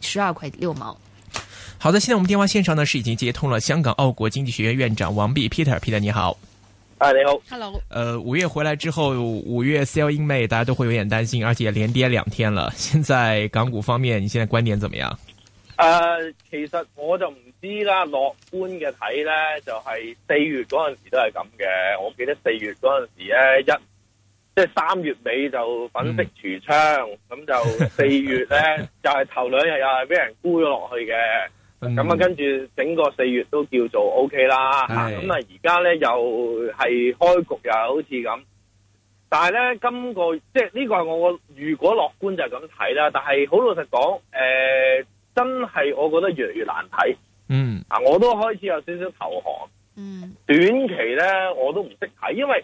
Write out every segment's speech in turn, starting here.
十二塊六毛。好的，現在我們電話線上呢是已經接通了香港澳國經濟學院院長王碧 p 特 t 特 r p e e r 你好。哎，你好，Hello。呃，五月回來之後，五月 Sell in m 大家都會有點擔心，而且連跌兩天了。現在港股方面，你現在觀點怎麼樣？呃，uh, 其實我就不知啦。樂觀的睇呢就係四月嗰陣時都係咁嘅。我記得四月嗰陣時咧一。即係三月尾就粉飾櫥窗，咁、嗯、就四月咧， 就係頭兩日又係俾人沽咗落去嘅，咁啊、嗯、跟住整個四月都叫做 OK 啦，咁啊而家咧又係開局又好似咁，但係咧今個即係呢個係我個，如果樂觀就係咁睇啦，但係好老實講，誒、呃、真係我覺得越嚟越難睇，嗯啊我都開始有少少投降，嗯，短期咧我都唔識睇，因為。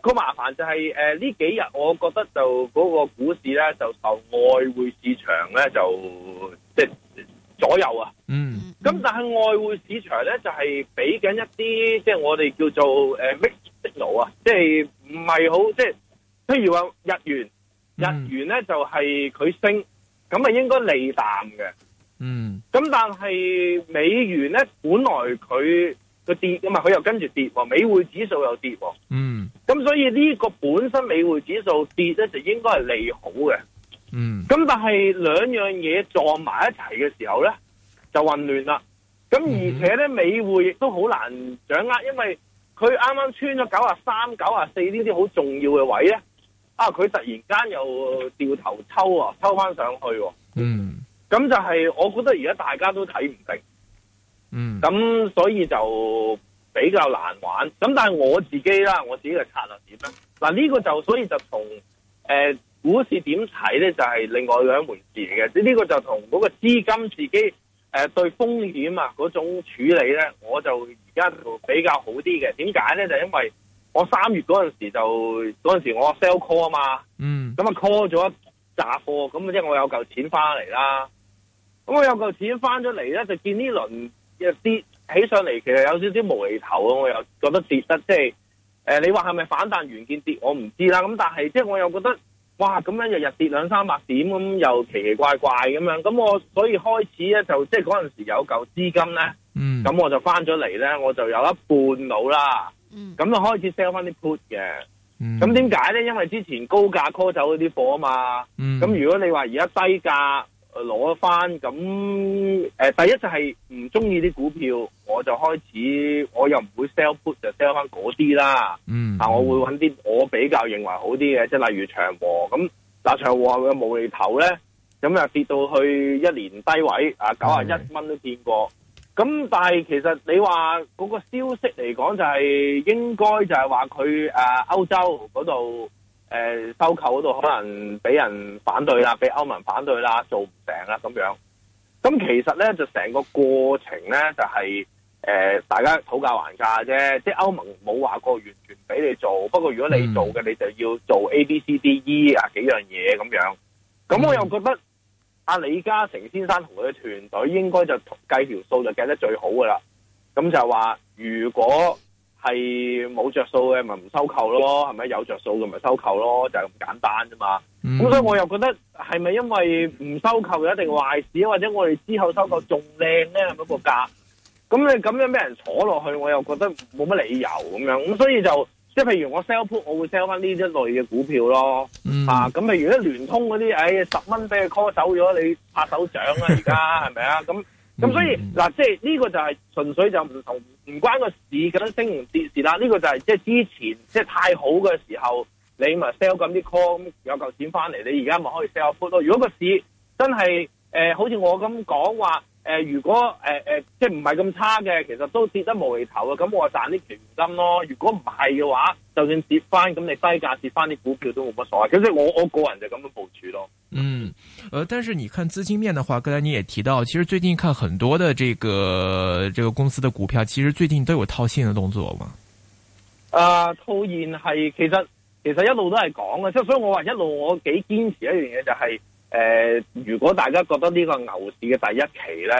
個麻煩就係誒呢幾日，我覺得就嗰個股市咧，就受外匯市場咧，就即係左右啊。嗯。咁但係外匯市場咧，就係俾緊一啲即係我哋叫做誒 mixed signal 啊，即係唔係好即係，譬如話日元，日元咧就係佢升，咁啊應該利淡嘅。嗯。咁但係美元咧，本來佢。佢跌啊嘛，佢又跟住跌喎，美匯指數又跌喎，嗯，咁所以呢個本身美匯指數跌咧就應該係利好嘅，嗯，咁但係兩樣嘢撞埋一齊嘅時候咧就混亂啦，咁而且咧、嗯、美匯亦都好難掌握，因為佢啱啱穿咗九啊三、九啊四呢啲好重要嘅位咧，啊佢突然間又掉頭抽啊，抽翻上去，嗯，咁就係、是、我覺得而家大家都睇唔定。嗯，咁所以就比較難玩，咁但係我自己啦，我自己嘅策略點咧？嗱、啊、呢、這個就所以就同誒、呃、股市點睇咧，就係、是、另外兩回事嚟嘅。呢、這個就同嗰個資金自己誒、呃、對風險啊嗰種處理咧，我就而家就比較好啲嘅。點解咧？就是、因為我三月嗰陣時就嗰陣時我 sell call 啊嘛，嗯，咁啊 call 咗一紮貨咁即係我有嚿錢翻嚟啦。咁我有嚿錢翻咗嚟咧，就見呢輪。一跌起上嚟，其實有少少無厘頭啊！我又覺得跌得即係，誒、呃、你話係咪反彈完件跌？我唔知啦。咁但係即係我又覺得，哇咁樣日日跌兩三百點咁，又奇奇怪怪咁樣。咁我所以開始咧就即係嗰陣時有嚿資金咧，咁、嗯、我就翻咗嚟咧，我就有一半冇啦。咁就、嗯、開始 sell 翻啲 put 嘅。咁點解咧？因為之前高價 call 走嗰啲貨啊嘛。咁、嗯、如果你話而家低價。攞翻咁誒，第一就係唔中意啲股票，我就開始我又唔會 sell put，就 sell 翻嗰啲啦。嗯，但我會揾啲我比較認為好啲嘅，即係例如長和咁。但係長和嘅無厘頭咧，咁就跌到去一年低位啊，九啊一蚊都見過。咁、嗯、但係其實你話嗰個消息嚟講，就係應該就係話佢誒歐洲嗰度。誒、呃，收購嗰度可能俾人反對啦，俾歐盟反對啦，做唔成啦咁樣。咁其實咧，就成個過程咧，就係、是、誒、呃，大家討價還價啫。即係歐盟冇話過完全俾你做，不過如果你做嘅，你就要做 A、啊、B、C、D、E 啊幾樣嘢咁樣。咁我又覺得阿、嗯、李嘉誠先生同佢嘅團隊應該就計條數就計得最好噶啦。咁就話如果。係冇着數嘅，咪唔收購咯，係咪有着數嘅咪收購咯，就咁、係就係就係、簡單啫嘛。咁、mm hmm. 所以我又覺得係咪因為唔收購就一定壞事，或者我哋之後收購仲靚咧？咁、係咪個價，咁你咁樣俾人坐落去，我又覺得冇乜理由咁樣。咁所以就即係譬如我 sell put，我會 sell 翻呢一類嘅股票咯。Mm hmm. 啊，咁譬如果聯通嗰啲，唉、哎，十蚊俾佢 call 走咗，你拍手掌啊！而家係咪啊？咁咁 所以嗱、mm hmm.，即係呢、呢個就係純粹就唔同。唔關個市咁樣升唔跌事啦，呢個就係即係之前即係太好嘅時候，你咪 sell 緊啲 call，有嚿錢翻嚟，你而家咪可以 sell full 咯。如果個市真係誒、呃，好似我咁講話。誒、呃，如果誒誒、呃呃，即係唔係咁差嘅，其實都跌得無厘頭嘅，咁我賺啲權金咯。如果唔係嘅話，就算跌翻咁，你低價跌翻啲股票都冇乜所謂。咁即我我個人就咁樣部署咯。嗯，誒、呃，但是你看資金面的話，剛才你也提到，其實最近看很多的這個這個公司的股票，其實最近都有套現的動作嘛。啊、呃，套現係其實其實一路都係講嘅，即所以我話一路我幾堅持一樣嘢，就係、是。誒、呃，如果大家覺得呢個牛市嘅第一期呢，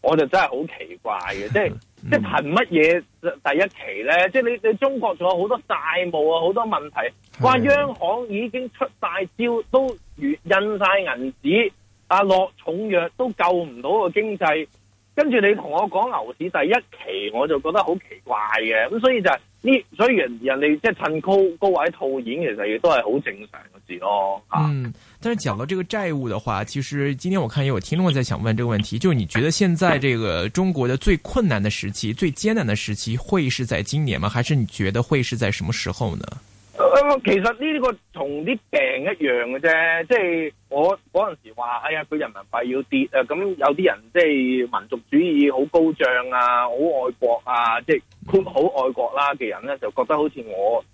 我就真係好奇怪嘅，即係 即係憑乜嘢第一期呢？即係你你中國仲有好多債務啊，好多問題，話央行已經出大招，都印晒銀紙，啊落重藥都救唔到個經濟，跟住你同我講牛市第一期，我就覺得好奇怪嘅，咁所以就係呢，所以人人哋即係趁高高位套現，其實亦都係好正常的。哦，啊、嗯，但是講到這個債務的話，其實今天我看也有聽眾在想問這個問題，就你覺得現在這個中國的最困難的時期、最艱難的時期會是在今年嗎？還是你覺得會是在什麼時候呢？其實呢個同啲病一樣嘅啫，即係我嗰陣時話，哎呀，佢人民幣要跌誒，咁有啲人即係民族主義好高漲啊，好愛國啊，即係好愛國啦嘅人咧，就覺得好似我。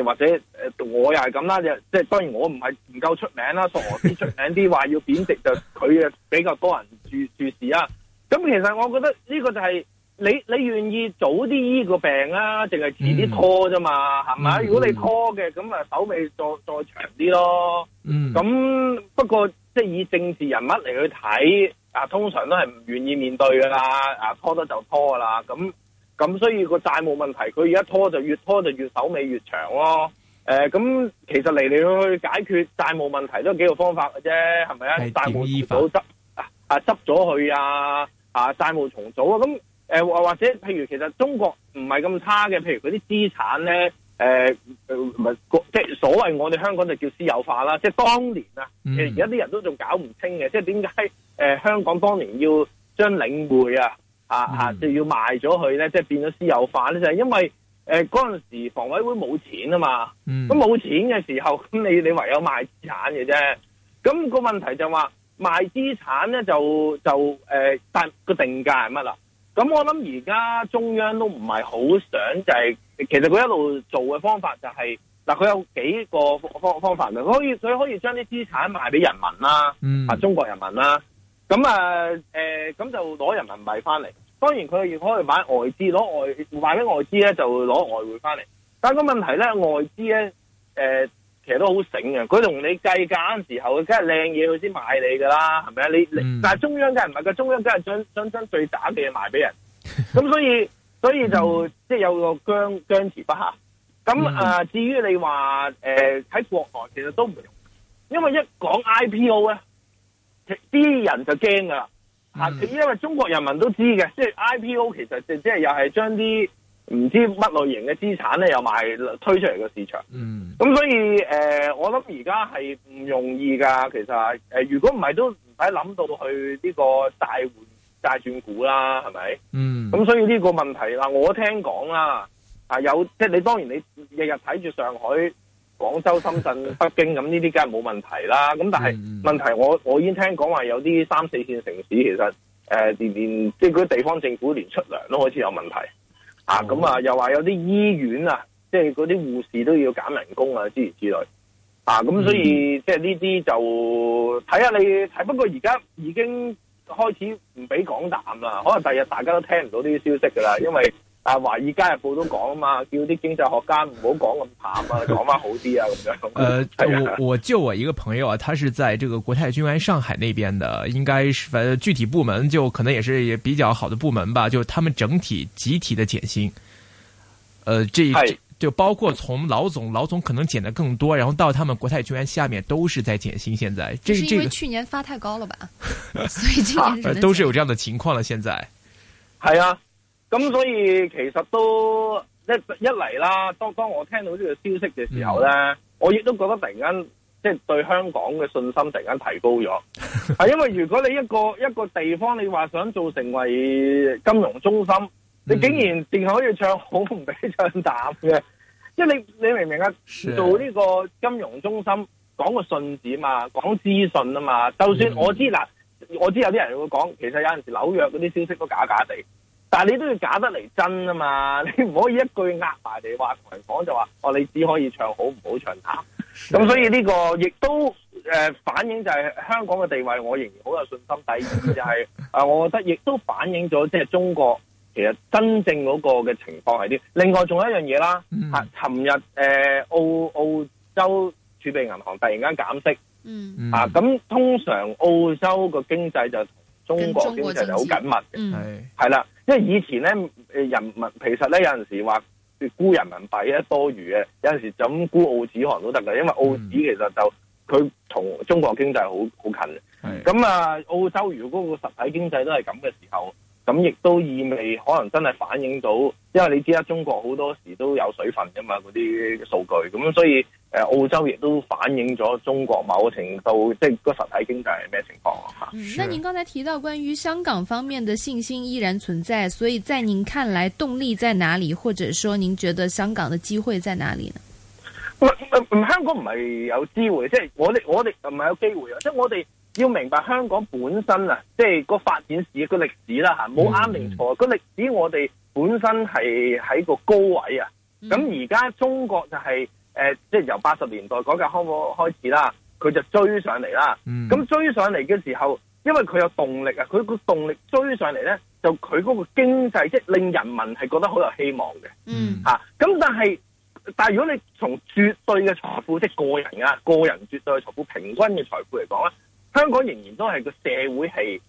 或者誒、呃，我又係咁啦，就即係當然我唔係唔夠出名啦，索羅斯 出名啲，話要貶值就佢啊比較多人注注視啦。咁、啊、其實我覺得呢個就係、是、你你願意早啲醫個病啊，定係遲啲拖啫嘛？係咪？如果你拖嘅，咁啊手尾再再長啲咯。嗯。咁不過即係以政治人物嚟去睇，啊通常都係唔願意面對噶啦，啊拖得就拖噶啦。咁。咁所以個債務問題，佢而家拖就越拖就越手尾越長咯。誒、呃，咁其實嚟嚟去去解決債務問題都有幾個方法嘅啫，係咪啊，啊，啊？債務調否執啊啊執咗去啊啊債務重組啊，咁誒、呃、或者譬如其實中國唔係咁差嘅，譬如佢啲資產咧誒唔係即係所謂我哋香港就叫私有化啦，即係當年啊，其實而家啲人都仲搞唔清嘅，即係點解誒香港當年要將領匯啊？啊啊！ 就要賣咗佢咧，即係變咗私有化咧，就係因為誒嗰陣時房委會冇錢啊嘛，咁冇 錢嘅時候，咁你你唯有賣資產嘅啫。咁個問題就話賣資產咧，就就誒，但個定價係乜啦？咁我諗而家中央都唔係好想就係，其實佢一路做嘅方法就係嗱，佢有幾個方方法，佢可以佢可以將啲資產賣俾人民啦， 啊中國人民啦，咁啊誒咁就攞人民幣翻嚟。當然佢亦可以買外資，攞外或者外資咧就攞外匯翻嚟。但係個問題咧，外資咧誒、呃，其實都好醒嘅。佢同你計價嘅時候，佢梗係靚嘢，佢先買你噶啦，係咪啊？你、嗯、但係中央梗係唔係，佢中央梗係將將將最渣嘅嘢賣俾人。咁 所以所以就即係有個僵、嗯、僵持不下。咁啊、呃，至於你話誒喺國內，其實都唔容易，因為一講 IPO 咧，啲人就驚噶啦。嗯、因為中國人民都知嘅，即、就、係、是、IPO 其實即、就、係、是就是、又係將啲唔知乜類型嘅資產咧又賣推出嚟個市場。嗯，咁所以誒、呃，我諗而家係唔容易噶。其實誒、呃，如果唔係都唔使諗到去呢個大換大債轉股啦，係咪？嗯，咁所以呢個問題嗱，我聽講啦，啊有即係你當然你日日睇住上海。廣州、深圳、北京咁呢啲梗係冇問題啦，咁但係問題我我已經聽講話有啲三四線城市其實誒、呃、連即係嗰啲地方政府連出糧都開始有問題啊，咁、哦、啊又話有啲醫院啊，即係嗰啲護士都要揀人工啊之類之類啊，咁所以、嗯、即係呢啲就睇下你睇，不過而家已經開始唔俾講淡啦，可能第日大家都聽唔到呢啲消息噶啦，因為。啊！華爾街日報都講啊嘛，叫啲經濟學家唔好講咁淡啊，講翻好啲啊咁樣。誒，我我就我一個朋友啊，他是在這個國泰君安上海那邊的，應該是，反正具體部門就可能也是也比較好的部門吧，就他們整體集體的減薪。呃這就包括從老總，老總可能減得更多，然後到他們國泰君安下面都是在減薪。現在，這是、這個、是因為去年發太高了吧， 所以今年只能都是有這樣的情況了。現在，係 啊。咁所以其實都一一嚟啦。當我聽到呢個消息嘅時候咧，嗯、我亦都覺得突然間即係對香港嘅信心突然間提高咗。 係因為如果你一個一個地方你話想做成為金融中心，你竟然淨係可以唱好唔俾唱淡。嘅、嗯，即係你你明唔明啊？是做呢個金融中心講個信字嘛，講資訊啊嘛。就算我知嗱、嗯，我知有啲人會講，其實有陣時紐約嗰啲消息都假假地。但係你都要假得嚟真啊嘛，你唔可以一句呃埋地話同人講，就話哦，你只可以唱好唔好唱淡，咁所以呢個亦都、呃、反映就係、是、香港嘅地位，我仍然好有信心。第二就係、是、 啊，我覺得亦都反映咗即係中國其實真正嗰個嘅情況係點，另外仲有一樣嘢啦，啊，尋日、呃、澳澳洲儲備銀行突然間減息，啊咁通常澳洲個經濟就。中國經濟就好緊密嘅，係啦、嗯，因為以前咧，人民其實咧有陣時話沽人民幣咧多餘嘅，有陣時候就咁沽澳紙行都得嘅，因為澳紙其實就佢同中國經濟好好近嘅。咁啊、嗯，澳洲如果個實體經濟都係咁嘅時候。咁亦都意味可能真係反映到，因為你知啦，中國好多時都有水分噶嘛，嗰啲數據，咁所以誒，澳洲亦都反映咗中國某個程度，即係個實體經濟係咩情況吓。嗯，那您剛才提到關於香港方面的信心依然存在，所以在您看來動力在哪裡，或者說您覺得香港的機會在哪裡呢？香港唔係有機會，即係我哋我哋唔係有機會啊，即係我哋。要明白香港本身啊，即係個發展史個歷史啦吓，冇啱定錯個歷史。我哋本身係喺個高位啊，咁而家中國就係誒，即係由八十年代改革開放開始啦，佢就追上嚟啦。咁、嗯、追上嚟嘅時候，因為佢有動力啊，佢個動力追上嚟咧，就佢嗰個經濟即係令人民係覺得好有希望嘅。吓咁、嗯啊，但係但係如果你從絕對嘅財富，即係個人啊，個人絕對嘅財富，平均嘅財富嚟講咧。香港仍然都係個社會係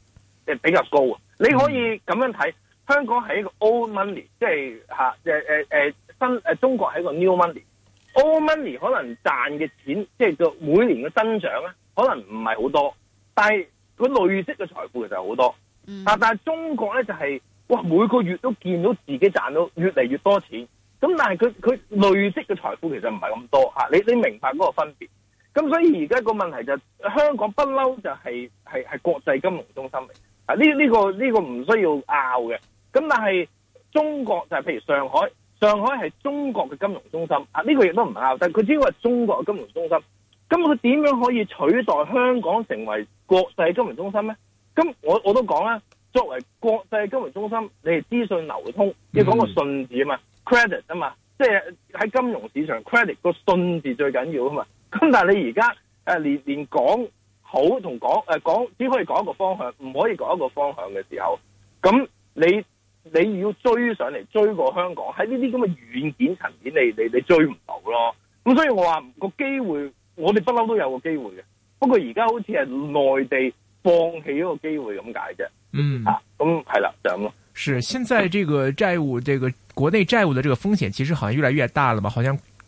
比較高啊！你可以咁樣睇，香港係一個 old money，即係嚇、啊啊啊、新、啊、中國係一個 new money。old money 可能賺嘅錢即係個每年嘅增長咧，可能唔係好多，但係佢累積嘅財富其實好多。啊、但係中國咧就係、哇，每個月都見到自己賺到越嚟越多錢，咁但係佢佢累積嘅財富其實唔係咁多嚇、你你明白嗰個分別？咁所以而家個問題就係香港不嬲就係係係國際金融中心嚟啊！呢呢個呢個唔需要拗嘅。咁但係中國就係譬如上海，上海係中國嘅金融中心啊！呢個亦都唔係拗，但佢只不過係中國嘅金融中心。咁佢點樣可以取代香港成為國際金融中心咧？咁我我都講啦，作為國際金融中心，你係資訊流通，你講個信字啊嘛，credit 啊嘛，即係喺金融市場 credit 個信字最緊要啊嘛。咁但係你而家誒連連講好同講誒講只可以講一個方向，唔可以講一個方向嘅時候，咁你你要追上嚟追過香港喺呢啲咁嘅軟件層面你，你你你追唔到咯。咁所以我話個機會，我哋不嬲都有個機會嘅。不過而家好似係內地放棄嗰個機會咁解啫。嗯啊，咁係啦，就咁咯。是，現在這個債務，這個國內債務的這個風險其實好像越來越大了吧好像。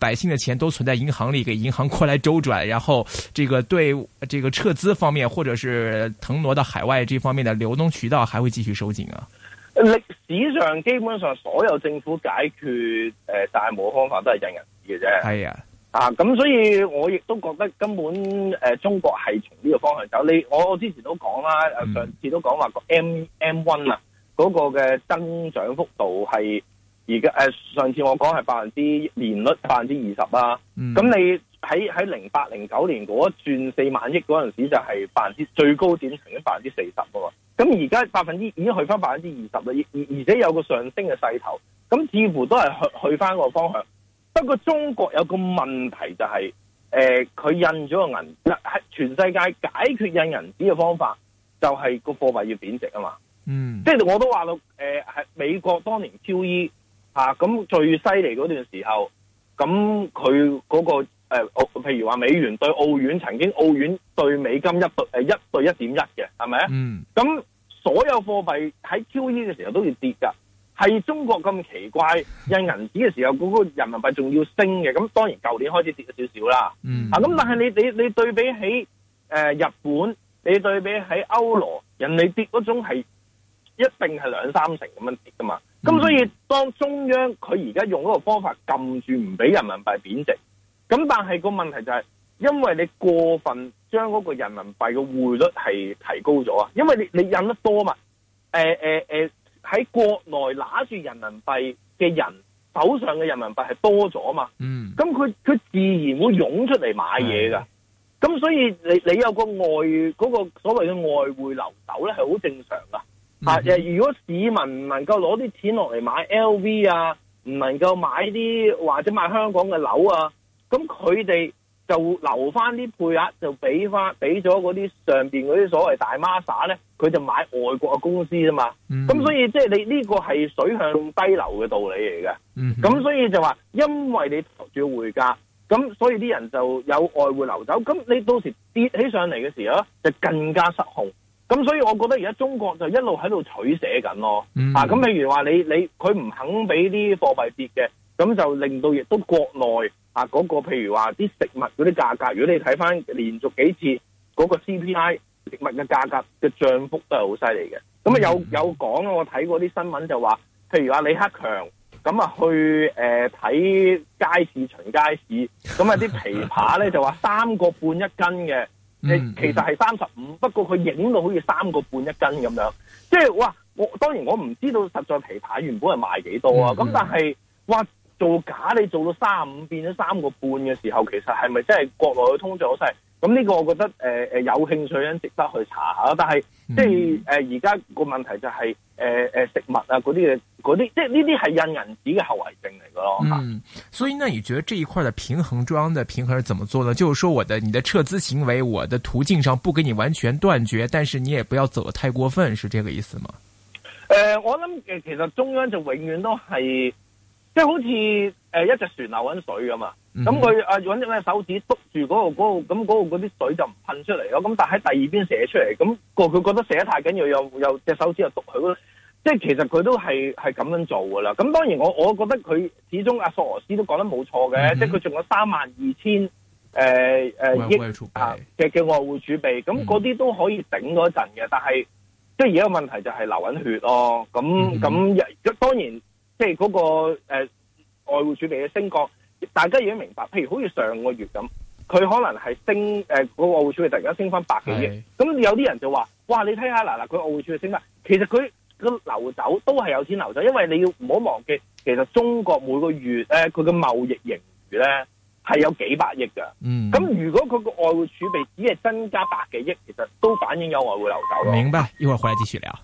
百姓嘅錢都存在銀行裏，給銀行過來周轉，然後這個對這個撤資方面，或者是騰挪到海外這方面的流動渠道，還會繼續收緊啊？歷史上基本上所有政府解決誒債務、呃、方法都係印銀紙嘅啫。係、哎、呀啊，咁，所以我亦都覺得根本誒中國係從呢個方向走。你我之前都講啦，上次都講話個 M M one 啊，嗰、嗰個嘅增長幅度係。而家誒上次我講係百分之年率百分之二十啊，咁、嗯、你喺喺零八零九年嗰一轉四萬億嗰陣時就係百分之最高點，曾經百分之四十嘅喎。咁而家百分之已經去翻百分之二十啦，而而且有個上升嘅勢頭，咁似乎都係去去翻個方向。不過中國有個問題就係誒佢印咗個銀，嗱係全世界解決印銀紙嘅方法就係、是、個貨幣要貶值啊嘛，嗯，即係我都話到誒係美國當年 QE。吓咁、啊、最犀利嗰段時候，咁佢嗰個誒、呃，譬如話美元對澳元曾經，澳元對美金一對係一對一點一嘅，係咪啊？咁、嗯、所有貨幣喺 QE 嘅時候都要跌噶，係中國咁奇怪印銀紙嘅時候，嗰個人民幣仲要升嘅，咁當然舊年開始跌咗少少啦。嗯、啊，咁但係你你你對比起誒、呃、日本，你對比起歐羅，人哋跌嗰種係一定係兩三成咁樣跌噶嘛。咁、嗯、所以，當中央佢而家用嗰個方法撳住唔俾人民幣貶值，咁但係個問題就係，因為你過分將嗰個人民幣嘅匯率係提高咗啊，因為你你印得多嘛，誒誒誒，喺、呃呃、國內拿住人民幣嘅人手上嘅人民幣係多咗啊嘛，嗯，咁佢佢自然會湧出嚟買嘢㗎，咁的所以你你有個外嗰、那個、所謂嘅外匯流走咧係好正常㗎。啊！Mm hmm. 如果市民唔能夠攞啲錢落嚟買 LV 啊，唔能夠買啲或者買香港嘅樓啊，咁佢哋就留翻啲配額，就俾翻俾咗嗰啲上邊嗰啲所謂大孖沙咧，佢就買外國嘅公司啫嘛。咁、mm hmm. 所以即係你呢個係水向低流嘅道理嚟嘅。咁、mm hmm. 所以就話，因為你頂住匯價，咁所以啲人就有外匯流走。咁你到時跌起上嚟嘅時候，就更加失控。咁所以我覺得而家中國就一路喺度取捨緊咯，啊咁譬如話，你你佢唔肯俾啲貨幣跌嘅，咁就令到亦都國內啊嗰、嗰個、譬如話啲食物嗰啲價格，如果你睇翻連續幾次嗰個 CPI 食物嘅價格嘅漲幅都係好犀利嘅。咁啊有有講，我睇過啲新聞就話，譬如話李克強咁啊去誒睇、呃、街市巡街市，咁啊啲琵琶咧就話三個半一斤嘅。誒，嗯嗯、其實係三十五，不過佢影到好似三個半一斤咁樣，即、就、係、是、哇！我當然我唔知道實在皮蛋原本係賣幾多少啊，咁、嗯嗯、但係哇，做假你做到三五變咗三個半嘅時候，其實係咪真係國內嘅通脹好細？咁呢個我覺得誒誒、呃、有興趣嘅人值得去查一下，但係即係誒而家個問題就係誒誒食物啊嗰啲嘢，嗰啲即係呢啲係印銀紙嘅後遺症嚟噶咯。嗯，所以呢，你覺得這一塊的平衡，中央的平衡係怎麼做呢？就是說，我的你的撤資行為，我的途徑上不給你完全斷絕，但是你也不要走得太過分，是這個意思嗎？誒、呃，我諗誒、呃，其實中央就永遠都係即係好似誒、呃、一隻船流緊水咁嘛。咁佢啊，搵隻咩手指篤住嗰度嗰度，咁嗰度嗰啲水就唔噴出嚟咯。咁但喺第二邊射出嚟，咁個佢覺得射得太緊要，又又隻手指又篤佢，即係其實佢都係係咁樣做噶啦。咁當然我我覺得佢始終阿、啊、索羅斯都講得冇錯嘅。嗯、哼即係佢仲有三萬二千誒誒億嘅嘅外匯儲備，咁嗰啲都可以頂嗰陣嘅。但係即係而家個問題就係流緊血咯。咁咁當然即嗰、那個、呃、外匯儲備嘅升降。大家已經明白，譬如好似上個月咁，佢可能係升，嗰、呃、個外匯儲備突然間升翻百幾億，咁 有啲人就話，哇，你睇下，嗱嗱，佢外匯儲備升返。」其實佢個流走都係有錢流走，因為你要唔好忘記，其實中國每個月，誒佢嘅貿易盈餘咧係有幾百億㗎。嗯，咁如果佢個外匯儲備只係增加百幾億，其實都反映有外匯流走咯。明白，一會回來繼續聊。